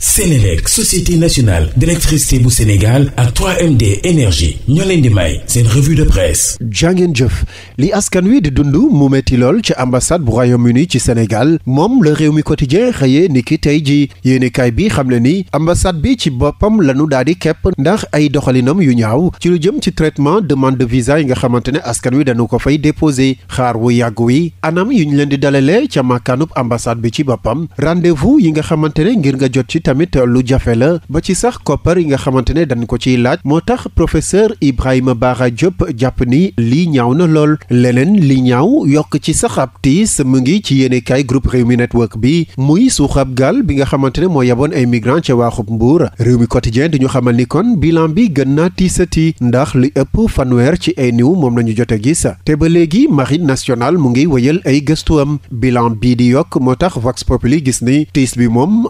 Sénélec société nationale d'électricité bu Sénégal ak 3MD énergie ñoo leen di may seen de presse jàngeen jëf li askan wi di dund mu metti lool ci ambassade bu Royaume-Uni ci Sénégal moom la réew mi quotidien xëyee ni ki tey ji yéenekaay bi xam le ni ambassade bi ci boppam lañu daal di kepp ndax ay doxalinam yu ñaaw ci lu jëm ci traitement demande de visa yi nga xamante ne askan wi danu ko fay déposé xaar wu yàgg wi anam yu ñu leen di dalalee ca màkkaanub ambassade bi ci boppam rendez yi nga xamante ne ngir nga jot ci tamit lu jafe la ba ci sax koppar yi nga xamante ne dañ ko ciy laaj moo tax professeur Ibrahima Bara jopp jàpp ni lii ñaaw na lool leneen li ñaaw yokk ci sax ab tiis mu ngi ci yéenekaay groupe Rewmi Network bi muy suuxab gaal bi nga xamante ne moo yaboon ay migrants ca waaxub Mbuur Rewmi Quotidien di ñu xamal ni kon bilan bi gën naa tiisati ndax li ëpp fanweer ci ay niw moom lañu jote gis te ba léegi marine nationale mu ngi wëyal ay gëstuwam bilan bii di yokk moo tax Vox Populi gis bi moom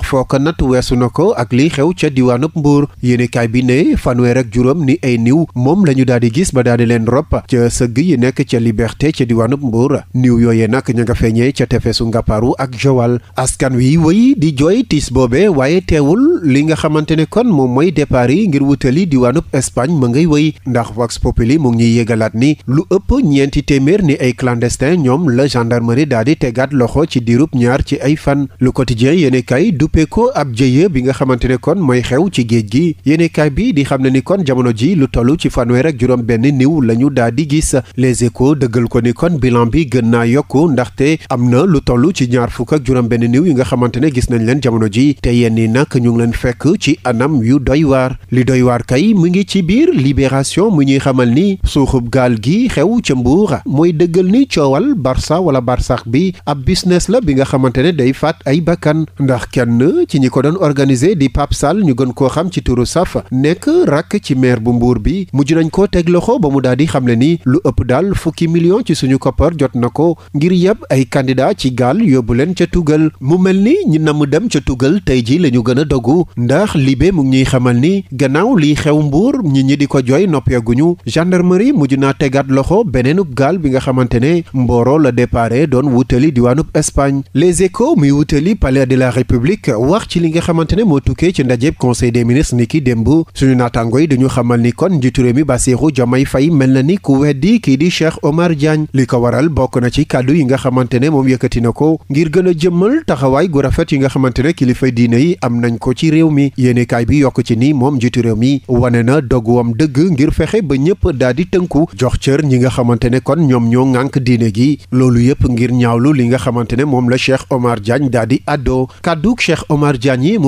su na ko ak liy xew ca diwaanub Mbuur yéenekaay bi ne fanweer ak juróom ni ay niw moom la ñu daal di gis ba daal di leen rob ca sëgg yi nekk ca Liberté ca diwaanub Mbuur niw yooyee nag ña nga feeñee ca tefesu Ngaparu ak Joal askan wi wëy di jooy tiis boobe waaye teewul li nga xamante ne kon moom mooy départ yi ngir wutali diwaanub Espagne ma ngay wëy ndax Vox Populi mu ngi ñuy yëgalaat ni lu ëpp ñeenti téeméer ni ay clandestin ñoom la gendarmerie daal di tegaat loxo ci diirub ñaar ci ay fan lu quotidien yéenekaay duppee ko ab sérieux bi nga xamante ne kon mooy xew ci géej gi yéenekaay bi di xam ne ni kon jamono ji lu toll ci fanweer ak juróom benn niw la ñu daal di gis les échos dëggal ko ni kon bilan bi gën naa yokku ndaxte am na lu tollu ci ñaar fukk ak juróom benn niw yi nga xamante ne gis nañ leen jamono ji te yenn ni nag ñu ngi leen fekk ci anam yu doy waar li doy waar kay mu ngi ci biir libération mu ñuy xamal ni suuxub gaal gi xew ca Mbuur mooy dëggal ni coowal Barça wala Barsax bi ab la bi nga xamante ay organisé di Pape Sall ñu gën koo xam ci turu saf nekk rakk ci maire bu mbuur bi mujj nañ ko teg loxo ba mu daal di xamle ni lu ëpp daal fukki million ci suñu koppar jot na ko ngir yeb ay candidat ci gaal yóbbu leen ca tugal mu mel ni ñi namm dem ca tugal tey ji lañu ñu gën a dogu ndax Libé mu ngi ñuy xamal ni gannaaw liy xew mbuur ñi ñi di ko jooy noppeeguñu gendarmerie mujj na tegaat loxo beneenub gaal bi nga xamante ne mbooro la déparé doon wutali diwaanub Espagne xamante ne moo tukkee ci ndajeeb conseil des ministres ni ki démb suñu naataango dañu xamal ni kon njiitu réew mi Bassirou Diomaye fay mel na ni ku weddi kii di Cheikh Omar Diagne li ko waral bokk na ci kàddu yi nga xamante ne moom yëkkati na ko ngir gën a jëmmal taxawaay gu rafet yi nga xamante ne kilifa diine yi am nañ ko ci réew mi yéenekaay bi yokk ci ni moom njiitu réew mi wane na doguwam dëgg ngir fexe ba ñëpp daal di tënku jox cër ñi nga xamante ne kon ñoom ñoo ŋànk diine gi loolu yëpp ngir ñaawlu li nga xamante ne moom la Cheikh Omar Diagne daal di àddoo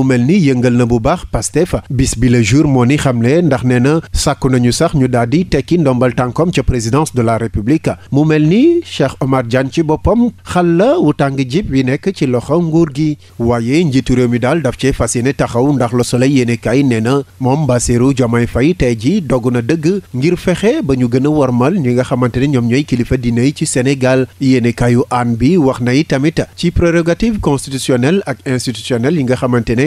mu mel ni yëngal na bu baax Pastef bis bi le jour moo ni xamle ndax nee na sàkku nañu sax ñu daal di tekki ndombal tànkoom ca présidence de la république mu mel ni Cheikh Omar Diagne ci boppam xal la wu tàng jib bi nekk ci loxo nguur gi waaye njiitu réew mi daal daf cee fas yéene taxaw ndax Le Soleil yéene kaay nee na moom Bassirou Diomaye fay tey ji dogu na dëgg ngir fexe ba ñu gën a warmal ñi nga xamante ne ñoom ñooy kilifa diine yi ci Sénégal yéene kaayu na ci prérogative constitutionnelle ak institutionnelle yi nga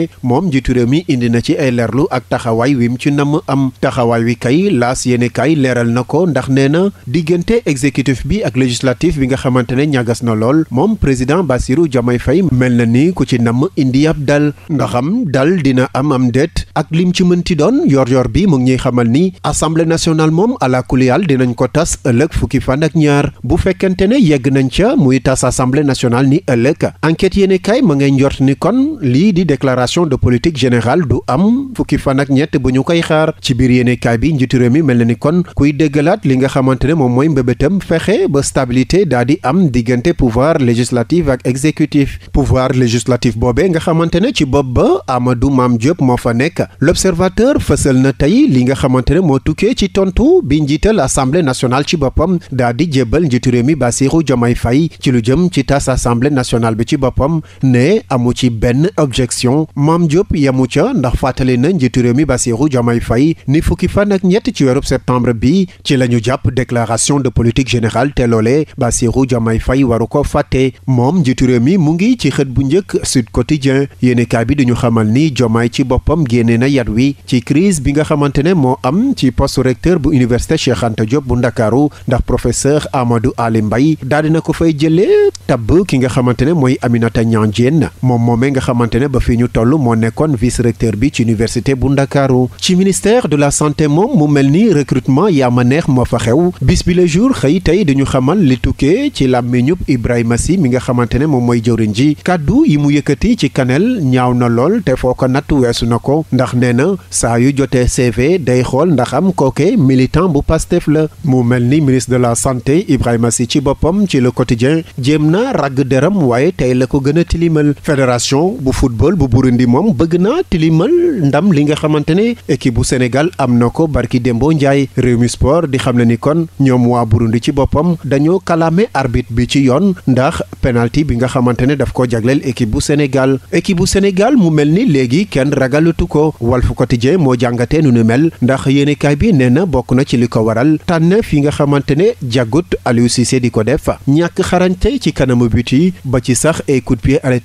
ne moom njiitu réew indi na ci ay leerlu ak taxawaay wi mu ci namm am taxawaay wi kay laas yéene kay leeral na ko ndax nee na diggante exécutif bi ak législatif bi nga xamante ne ñagas na lool moom président Bassirou Diomaye Faye mel na ni ku ci namm indi ab dal ndaxam dal dina am am déet ak lim ci mënti doon yor-yor bi mu ngi ñuy xamal ni assemblée nationale moom ala kuliyal dinañ ko tas ëllëg fukki fan ak ñaar bu fekkente ne yegg nañ ca muy tas assemblée nationale ni ëllëg enquête déclaration de politique général du am fukki fan ak ñett bu ñu koy xaar ci biir yéenekaay bi njiitu réew mi mel na ni kon kuy déggalaat li nga xamante ne moom mooy mbébétam fexe ba stabilité daa di am diggante pouvoir législatif ak exécutif pouvoir législatif boobee nga xamante ne ci bopp ba Amadou maam Diop moo fa nekk l'observateur fësal na tey li nga xamante ne moo tukkee ci tontu bi njiital assemblée nationale ci boppam daa di jébbal njiitu réew mi Bassirou Diomaye Faye ci lu jëm ci tas assemblée nationale bi ci boppam ne amu ci benn objection Mame Diop yamu ca ndax fàttali na njiitu réew mi Bassirou Diomaye Faye ni fukki fan ak ñett ci weerub septembre bi ci la ñu jàpp déclaration de politique générale te loole Bassirou Diomaye Faye waru ko fàtte moom njiitu réew mi mu ngi ci xët bu njëkk Sud Quotidien yéenekaay bi dañu xamal ni Diomaye ci boppam génne na yat wi ci crise bi nga xamante ne moo am ci poste recteur bu université Cheikh Anta bu Ndakaaru ndax professeur Amadou Ali Mbaye daal dina ko fay jëlee tabb ki nga xamante ne mooy Aminata Diallo moo nekkoon vice recteur bi ci université bu Ndakaaru ci ministère de la santé moom mu mel ni recrutement yaa ma neex moo fa xew bis bi la jour xëy tey dañu xamal li tukkee ci làmmiñub Ibrahima Sy mi nga xamante ne moom mooy joriñ ji kàddu yi mu yëkkati ci kanel ñaaw na lool te foo ko natt weesu na ko ndax nee na saa yu jotee CV day xool ndax am kooke militan bu Pastef la mu mel ni ministre de la santé Ibrahima Sy ci boppam ci le quotidien jéem na ragg deram waaye tey la gën a tilimal Mendy moom bëgg na tilimal ndam li nga xamante ne équipe bu Sénégal am na ko barki Dembo Ndiaye réew mi sport di xam ne ni kon ñoom waa Burundi ci boppam dañoo kalaame arbitre bi ci yoon ndax penalty bi nga xamante ne daf ko jagleel équipe bu Sénégal équipe bu Sénégal mu mel ni léegi kenn ragalatu ko Walf Quotidien moo jàngatee nu nu mel ndax yéenekaay bi nee na bokk na ci li ko waral tànneef yi nga xamante ne jàggut Aliou Cissé di ko def ñàkk xarañte ci kanamu but yi ba ci sax ay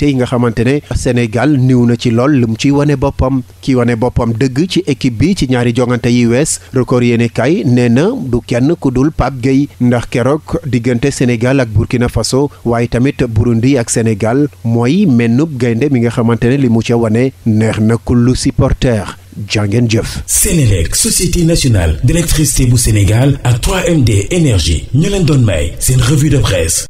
yi nga xamante ne Sénégal ci lool lu mu ciy wane boppam ki wane boppam dëgg ci équipe bi ci ñaari jongante yi wees record yéene kay nee na du kenn ku dul Pape Gueye ndax keroog diggante Sénégal ak Burkina Faso waaye tamit Burundi ak Sénégal mooy mennub gaynde mi nga xamante ne li mu ca wane neex na kullu supporter jàngeen jëf. Sénélec société nationale d'électricité bu Sénégal ak 3MD énergie ñu leen doon may seen revue de presse.